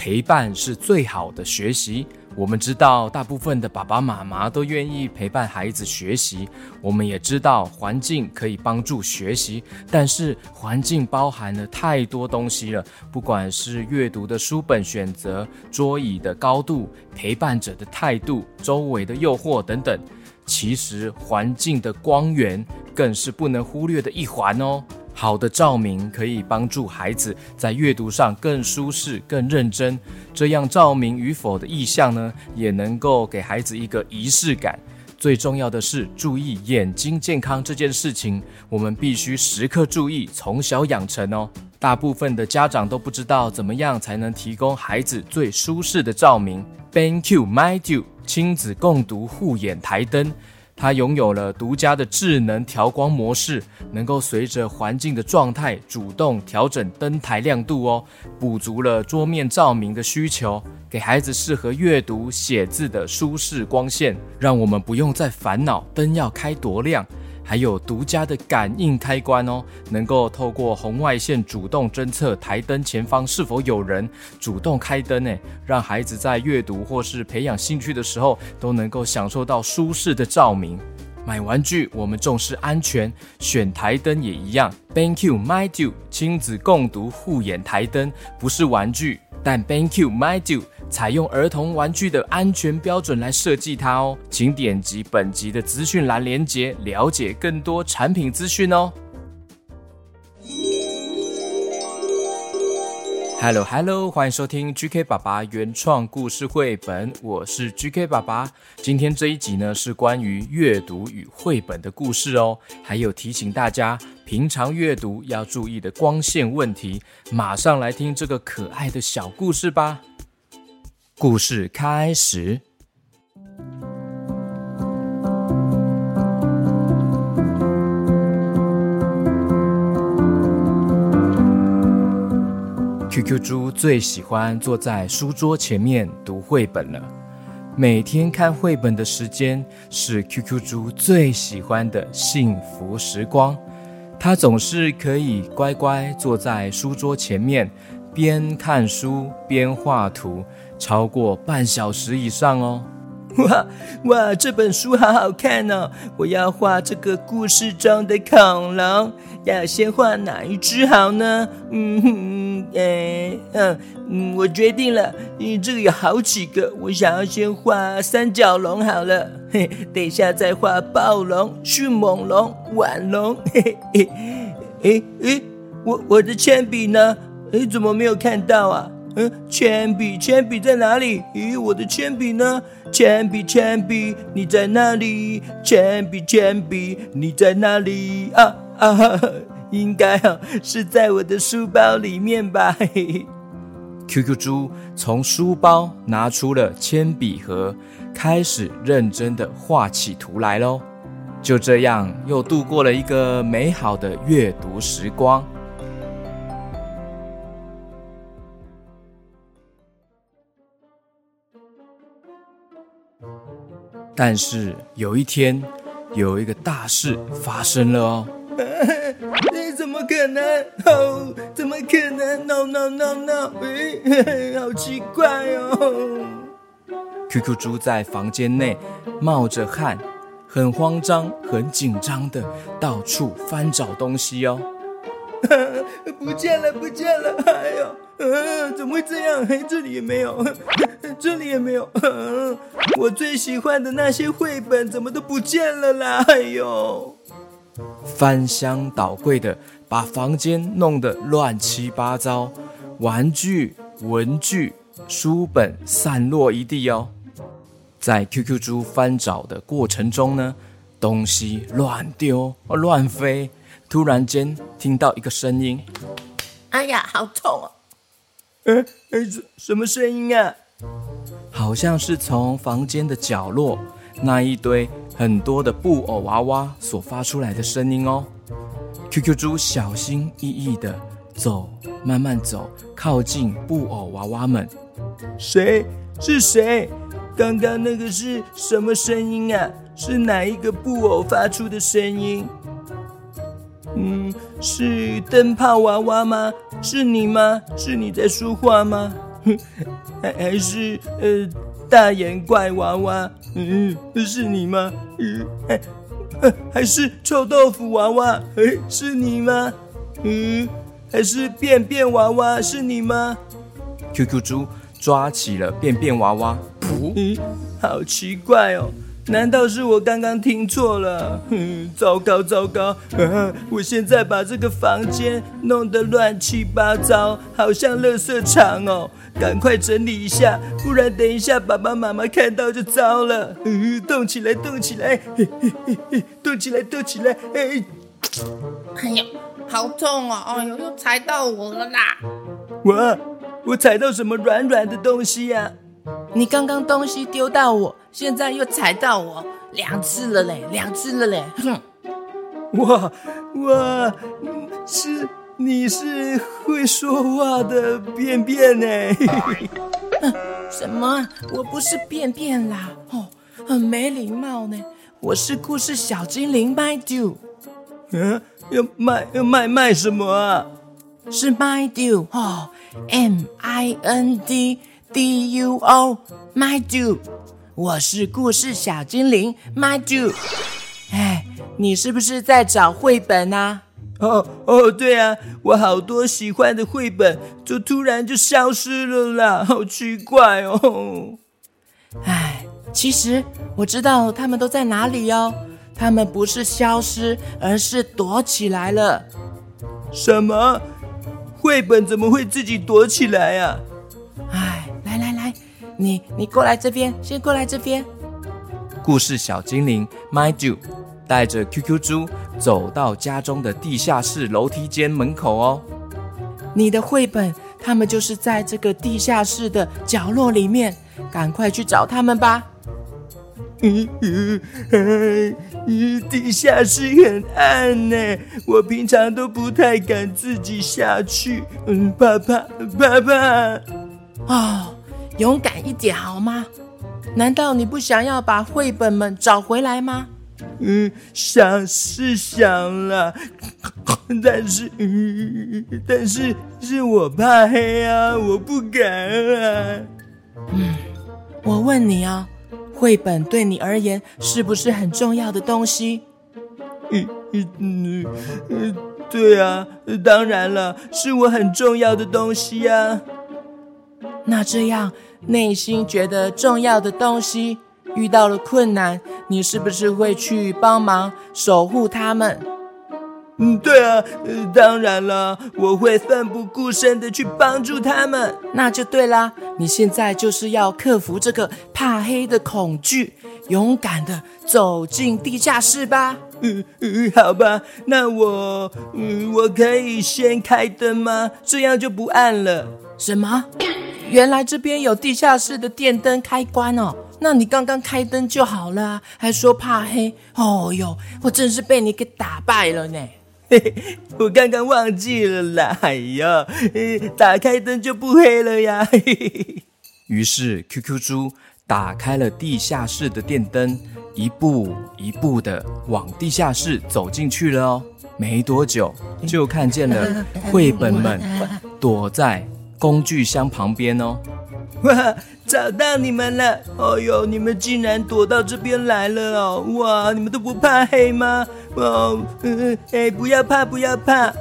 陪伴是最好的學習。我們知道，大部分的爸爸媽媽都願意陪伴孩子學習。我們也知道，環境可以幫助學習，但是環境包含了太多東西了，不管是閱讀的書本選擇、桌椅的高度、陪伴者的態度、周圍的誘惑等等。其實，環境的光源更是不能忽略的一環哦。好的照明可以幫助孩子在閱讀上更舒適、更認真。這樣照明與否的意向呢，也能夠給孩子一個儀式感。最重要的是，注意眼睛健康這件事情，我們必須時刻注意，從小養成哦。大部分的家長都不知道怎麼樣才能提供孩子最舒適的照明。BenQ MindDuo 親子共讀護眼台燈。它擁有了獨家的智能調光模式，能夠隨着環境的狀態主動調整檯燈亮度哦，補足了桌面照明的需求，給孩子適合閱讀寫字的舒適光線，讓我們不用再煩惱燈要開多亮。還有獨家的感應開關哦，能夠透過紅外線主動偵測檯燈前方是否有人，主動開燈哎，讓孩子在閱讀或是培養興趣的時候都能夠享受到舒適的照明。買玩具我們重視安全，選檯燈也一樣。BenQ MindDuo 親子共讀護眼檯燈不是玩具，但 BenQ MindDuo 採用兒童玩具的安全標準來設計它哦，請點擊本集的資訊欄連結，了解更多產品資訊哦。Hello Hello，歡迎收聽 GK 爸爸原創故事繪本，我是 GK 爸爸。今天這一集呢是關於閱讀與繪本的故事哦，還有提醒大家平常閱讀要注意的光線問題。馬上來聽這個可愛的小故事吧。故事開始。QQ 豬最喜歡坐在書桌前面讀繪本了。每天看繪本的時間是 QQ 豬最喜歡的幸福時光。它總是可以乖乖坐在書桌前面。邊看書邊畫圖，超過半小時以上哦！哇哇，這本書好好看哦！我要畫這個故事中的恐龍，要先畫哪一隻好呢？嗯嗯嗯嗯，我決定了，因、嗯、為這個有好幾個，我想要先畫三角龍好了。嘿，等一下再畫暴龍、迅猛龍、腕龍。嘿嘿嘿，誒、欸、誒、欸，我我的鉛筆呢？誒、欸，怎麼沒有看到啊？嗯，鉛筆，鉛筆在哪裡？咦，我的鉛筆呢？鉛筆，鉛筆，你在哪裡？鉛筆，鉛筆，你在哪裡？啊啊！哈哈，應該啊，是在我的書包裡面吧？嘿嘿。QQ 豬從書包拿出了鉛筆盒，開始認真的畫起圖來嘍。就這樣，又度過了一個美好的閱讀時光。但是有一天，有一個大事發生了哦！這、啊、怎麼可能？哦，怎麼可能？No No No No！咦、哎哎，好奇怪哦！QQ 豬在房間內冒着汗，很慌張、很緊張的到處翻找東西哦、啊。不見了，不見了！哎呦！嗯、啊，怎麼會這樣？嘿，這裡也沒有，這裡也沒有、啊。我最喜歡的那些繪本怎麼都不見了啦！哎呦，翻箱倒櫃的，把房間弄得亂七八糟，玩具、文具、書本散落一地哦。在 QQ 豬翻找的過程中呢，東西亂丟亂飛。突然間聽到一個聲音：“哎呀，好痛哦！”哎，兒子，什麼聲音啊？好像是從房間的角落那一堆很多的布偶娃娃所發出來的聲音哦。QQ 豬小心翼翼地走，慢慢走，靠近布偶娃娃們。誰？是誰？剛剛那個是什麼聲音啊？是哪一個布偶發出的聲音？嗯，是燈泡娃娃嗎？是你嗎？是你在說話嗎？還還是呃，大眼怪娃娃？嗯，是你嗎？嗯，還是臭豆腐娃娃？哎，是你嗎？嗯，還是便便娃娃？是你嗎？QQ 豬抓起了便便娃娃，噗！嗯，好奇怪哦。難道是我剛剛聽錯了？嗯，糟糕糟糕！啊，我現在把這個房間弄得亂七八糟，好像垃圾場哦！趕快整理一下，不然等一下爸爸媽媽看到就糟了。嗯，動起來動起來，嘿嘿嘿嘿，動起來動起來，哎！哎呀，好痛哦！哎呦，又踩到我了啦！我，我踩到什麼軟軟的東西呀、啊？你剛剛東西丟到我，現在又踩到我，兩次了嘞，兩次了嘞，哼！哇哇，是你是會說話的便便呢？什麼？我不是便便啦，哦，很沒禮貌呢。我是故事小精靈 MindDuo 嗯，要賣要賣賣什麼？是 MindDuo 哦，M I N D。Duo, MindDuo，我是故事小精靈 MindDuo。哎，你是不是在找繪本啊？哦哦，對啊，我好多喜歡的繪本就突然就消失了啦，好奇怪哦。哎，其實我知道他們都在哪裡哦，他們不是消失，而是躲起來了。什麼？繪本怎麼會自己躲起來啊？你你過來這邊，先過來這邊。故事小精靈 MindDuo 帶着 QQ 豬走到家中的地下室樓梯間門口哦。你的繪本，他們就是在這個地下室的角落裡面，趕快去找他們吧。嗯嗯、嗯、嗯，地下室很暗呢，我平常都不太敢自己下去，嗯，爸爸爸。爸啊。勇敢一點好嗎？難道你不想要把繪本們找回來嗎？嗯，想是想了，但是，嗯，但是是我怕黑啊，我不敢啊。嗯，我問你啊，繪本對你而言是不是很重要的東西？嗯嗯嗯嗯，對啊，當然了，是我很重要的東西啊。那這樣。內心覺得重要的東西遇到了困難，你是不是會去幫忙守護他們？嗯，對啊，呃、當然了，我會奮不顧身的去幫助他們。那就對啦，你現在就是要克服這個怕黑的恐懼，勇敢的走進地下室吧。嗯、呃、嗯、呃，好吧，那我，嗯、呃，我可以先開燈嗎？這樣就不暗了。什麼？原來這邊有地下室的電燈開關哦，那你剛剛開燈就好了啊，還說怕黑，哦喲，我真是被你給打敗了呢。嘿嘿，我剛剛忘記了啦，哎呀，打開燈就不黑了呀，嘿嘿嘿。於是 QQ 豬打開了地下室的電燈，一步一步的往地下室走進去了哦。沒多久就看見了繪本們躲在。工具箱旁邊哦，哇，找到你們了！哦喲，你們竟然躲到這邊來了哦！哇，你們都不怕黑嗎？哦，嗯欸、不要怕，不要怕，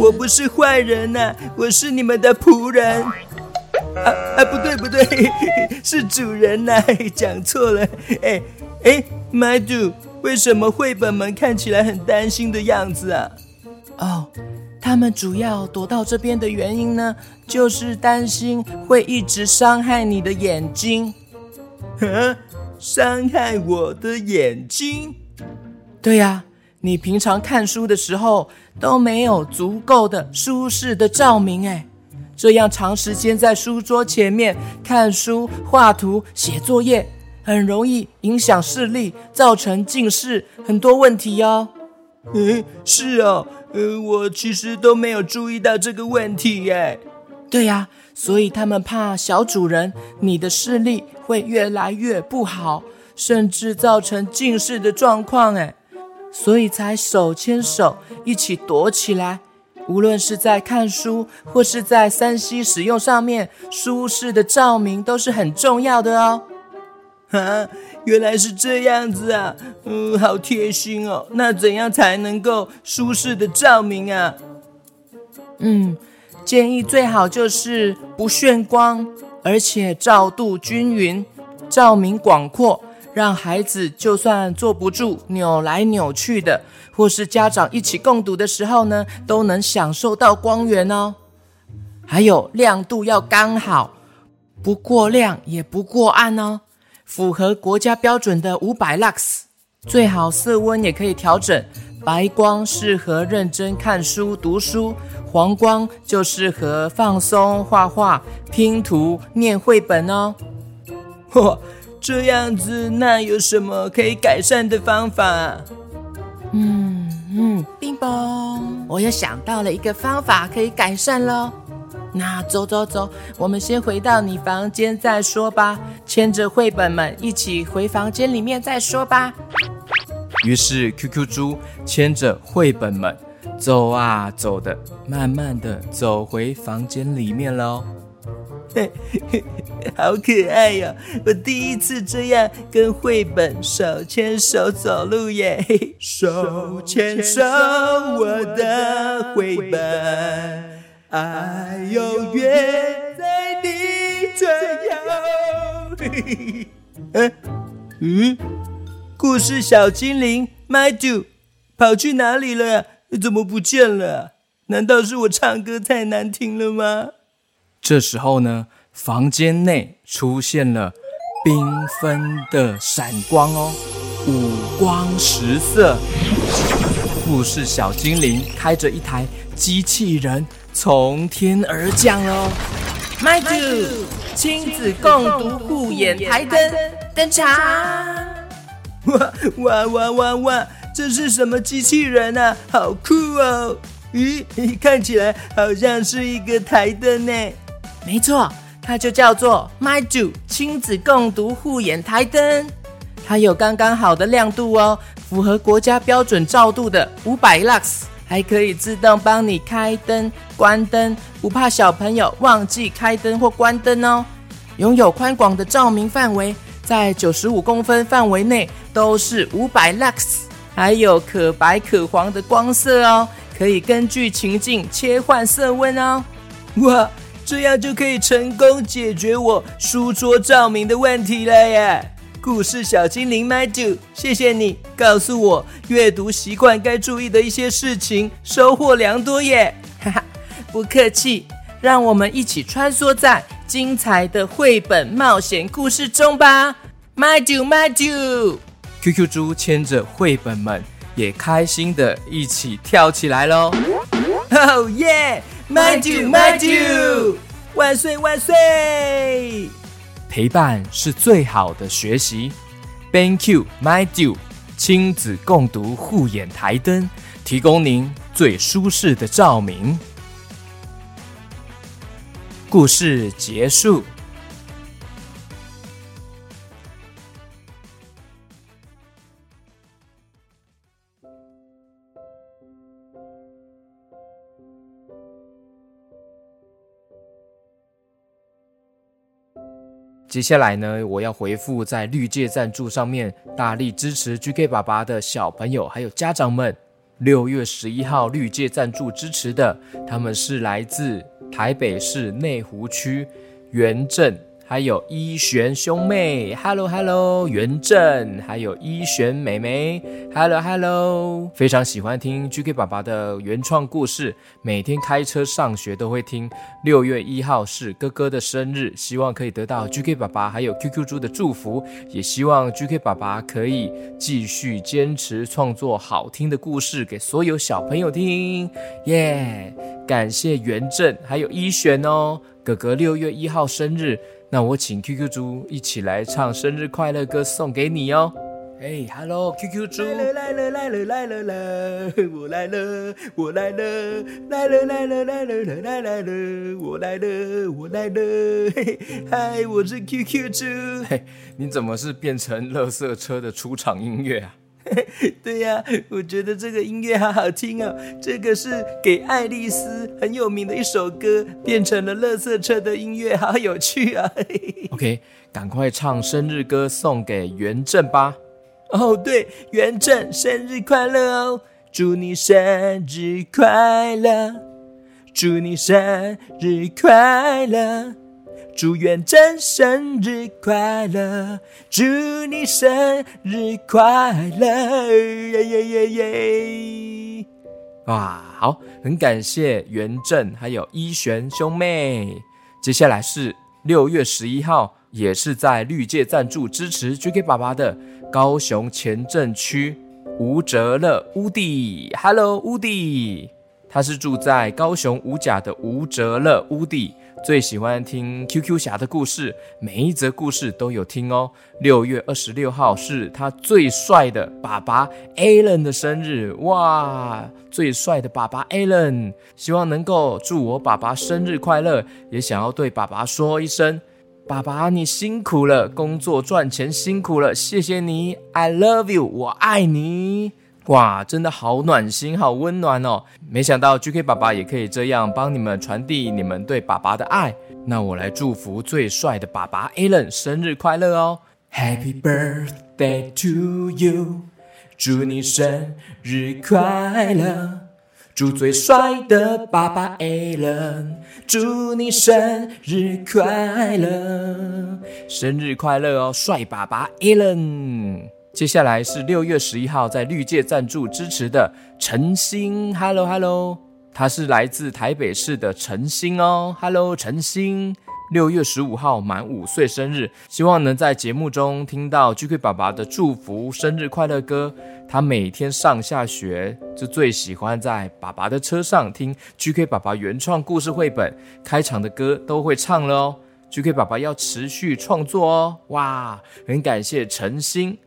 我不是壞人吶、啊，我是你們的僕人。啊啊，不對不對，是主人吶、啊，講錯了。哎哎，MindDuo，為什麼繪本們看起來很擔心的樣子啊？哦。他們主要躲到這邊的原因呢，就是擔心會一直傷害你的眼睛。啊？傷害我的眼睛？對呀，你平常看書的時候都沒有足夠的舒適的照明哎，這樣長時間在書桌前面看書、畫圖、寫作業，很容易影響視力，造成近視，很多問題喲。嗯，是啊。呃，我其實都沒有注意到這個問題耶。對呀，啊，所以他們怕小主人你的視力會越來越不好，甚至造成近視的狀況誒，所以才手牽手一起躲起來。無論是在看書或是在三 C 使用上面，舒適的照明都是很重要的哦。啊，原來是這樣子啊，嗯，好貼心哦。那怎樣才能夠舒適的照明啊？嗯，建議最好就是不眩光，而且照度均勻，照明廣闊，讓孩子就算坐不住、扭來扭去的，或是家長一起共讀的時候呢，都能享受到光源哦。還有亮度要剛好，不過亮也不過暗哦。符合國家標準的五百 lux，最好色溫也可以調整。白光適合認真看書、讀書；黃光就適合放鬆、畫畫、拼圖、念繪本哦。嚯，這樣子那有什麼可以改善的方法？嗯嗯，冰冰，我又想到了一個方法可以改善咯。那走走走，我們先回到你房間再說吧。牽着繪本們一起回房間裡面再說吧。於是 QQ 豬牽着繪本們走啊走的，慢慢的走回房間裡面嘍。嘿，好可愛呀，哦！我第一次這樣跟繪本手牽手走路耶。手牽手，我的繪本。愛永遠在你左右。嘿嘿嘿，哎、 嗯，嗯，故事小精靈 MindDuo 跑去哪裡了？怎麼不見了？難道是我唱歌太難聽了嗎？這時候呢，房間內出現了繽紛的閃光哦，五光十色。故事小精靈開着一台機器人，從天而降哦，MindDuo 親子共讀護眼檯燈，眼檯燈登場！哇哇哇哇哇！這是什麼機器人吶、啊？好酷哦！咦，看起來好像是一個檯燈呢。沒錯，它就叫做 MindDuo 親子共讀護眼檯燈。它有剛剛好的亮度哦，符合國家標準照度的五百 lux。還可以自動幫你開燈、關燈，不怕小朋友忘記開燈或關燈哦。擁有寬廣的照明範圍，在九十五公分範圍內都是五百 lux，還有可白可黃的光色哦，可以根據情境切換色溫哦。哇，這樣就可以成功解決我書桌照明的問題了耶！故事小精靈 MindDuo，謝謝你告訴我閱讀習慣該注意的一些事情，收穫良多耶！哈哈，不客氣，讓我們一起穿梭在精彩的繪本冒險故事中吧！MindDuo MindDuo，QQ 豬牽着繪本們也開心地一起跳起來嘍！Oh yeah，MindDuo MindDuo，萬歲萬歲！陪伴是最好的學習。BenQ MindDuo 親子共讀護眼檯燈，提供您最舒適的照明。故事結束。接下來呢，我要回復在綠界贊助上面大力支持 GK 爸爸的小朋友，還有家長們。六月十一號綠界贊助支持的，他們是來自台北市內湖區原鎮。還有一玄兄妹，Hello Hello，元正，還有一玄妹妹，Hello Hello，非常喜歡聽 GK 爸爸的原創故事，每天開車上學都會聽。六月一號是哥哥的生日，希望可以得到 GK 爸爸還有 QQ 豬的祝福，也希望 GK 爸爸可以繼續堅持創作好聽的故事給所有小朋友聽，耶、yeah！感謝元正還有一玄哦，哥哥六月一號生日。那我請 QQ 豬一起來唱生日快樂歌送給你哦。哎，哈嘍 QQ 豬。來了來了來了來了了，我來了，我來了，來了來了來了來了來了，來了，我來了，我來了，嘿，嗨，我是 QQ 豬。嘿、Hey，你怎麼是變成垃圾車的出場音樂啊？ 對呀、啊，我覺得這個音樂好好聽哦。這個是給愛麗絲很有名的一首歌，變成了垃圾車的音樂，好有趣啊 ！OK，趕快唱生日歌送給元正吧。哦、oh，對，元正生日快樂、哦！祝你生日快樂！祝你生日快樂！祝元正生日快樂！祝你生日快樂！耶耶耶耶！哇，好，很感謝元正，還有一玄兄妹。接下來是六月十一號，也是在綠界贊助支持 GK 爸爸的高雄前鎮區吳哲樂屋弟，Hello，烏弟。他是住在高雄五甲的吳哲樂屋地，最喜歡聽 QQ 豬的故事，每一則故事都有聽哦。六月二十六號是他最帥的爸爸 Alan 的生日。哇，最帥的爸爸 Alan，希望能夠祝我爸爸生日快樂，也想要對爸爸說一聲，爸爸你辛苦了，工作賺錢辛苦了，謝謝你，I love you，我愛你。哇，真的好暖心，好溫暖哦！沒想到 GK 爸爸也可以這樣幫你們傳遞你們對爸爸的愛。那我來祝福最帥的爸爸 Alan 生日快樂哦！Happy birthday to you，祝你生日快樂！祝最帥的爸爸 Alan，祝你生日快樂！生日快樂哦，帥爸爸 Alan！接下來是六月十一號在綠界贊助支持的陳星，Hello Hello，他是來自台北市的陳星哦，Hello 陳星，六月十五號滿五歲生日，希望能在節目中聽到 GK 爸爸的祝福生日快樂歌。他每天上下學就最喜歡在爸爸的車上聽 GK 爸爸原創故事繪本開場的歌都會唱了哦，GK 爸爸要持續創作哦，哇，很感謝陳星。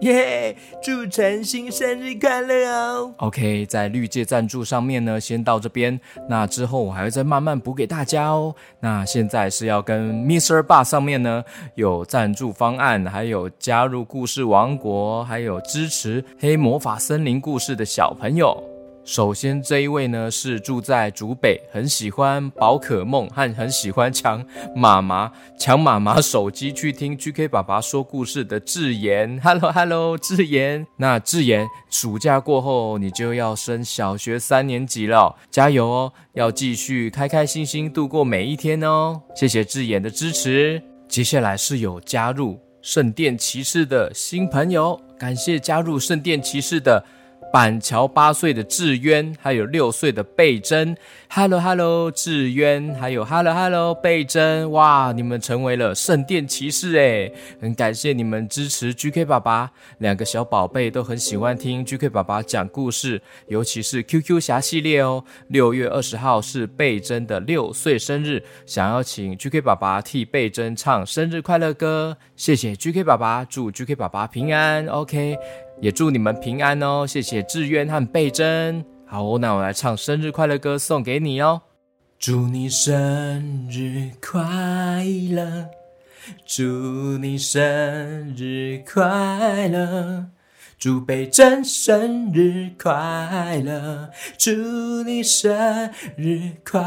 耶、yeah！祝晨星生日快樂哦。OK，在綠界贊助上面呢，先到這邊。那之後我還會再慢慢補給大家哦。那現在是要跟 Mr. 爸上面呢，有贊助方案，還有加入故事王國，還有支持黑魔法森林故事的小朋友。首先，這一位呢是住在竹北，很喜歡寶可夢和很喜歡搶媽媽搶媽媽手機去聽 GK 爸爸說故事的智妍。Hello，Hello，hello, 智妍。那智妍，暑假過後你就要升小學三年級了，加油哦！要繼續開開心心度過每一天哦。謝謝智妍的支持。接下來是有加入聖殿騎士的新朋友，感謝加入聖殿騎士的。板橋八歲的智淵，還有六歲的貝珍。Hello Hello，智淵，還有 Hello Hello，貝珍。哇，你們成為了聖殿騎士哎，很感謝你們支持 GK 爸爸，兩個小寶貝都很喜歡聽 GK 爸爸講故事，尤其是 QQ 俠系列哦。六月二十號是貝珍的六歲生日，想要請 GK 爸爸替貝珍唱生日快樂歌，謝謝 GK 爸爸，祝 GK 爸爸平安，OK。也祝你們平安哦！謝謝志淵和貝珍。好、哦，那我來唱生日快樂歌送給你哦。祝你生日快樂，祝你生日快樂，祝貝珍生日快樂，祝你生日快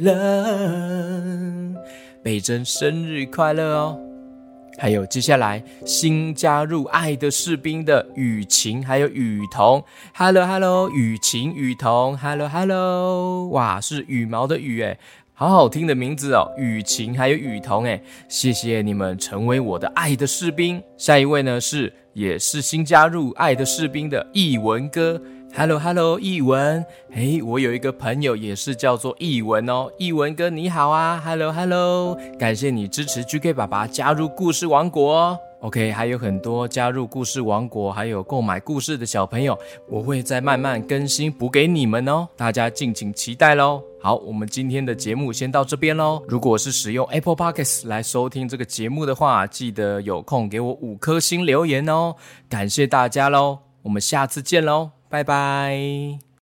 樂，祝你生日快樂，貝珍生日快樂哦。還有接下來新加入《愛的士兵》的雨晴，還有雨桐。Hello Hello，雨晴雨桐。Hello Hello，哇，是羽毛的羽哎，好好聽的名字哦。雨晴還有雨桐哎，謝謝你們成為我的《愛的士兵》。下一位呢是也是新加入《愛的士兵》的藝文哥。Hello，Hello，譯 hello，文，哎、hey，我有一個朋友也是叫做譯文哦，譯文哥你好啊，Hello，Hello，hello。感謝你支持 GK 爸爸加入故事王國哦。OK，還有很多加入故事王國還有購買故事的小朋友，我會再慢慢更新補給你們哦，大家敬請期待嘍。好，我們今天的節目先到這邊嘍。如果是使用 Apple Podcast 來收聽這個節目的話，記得有空給我五顆星留言哦，感謝大家嘍，我們下次見嘍。拜拜。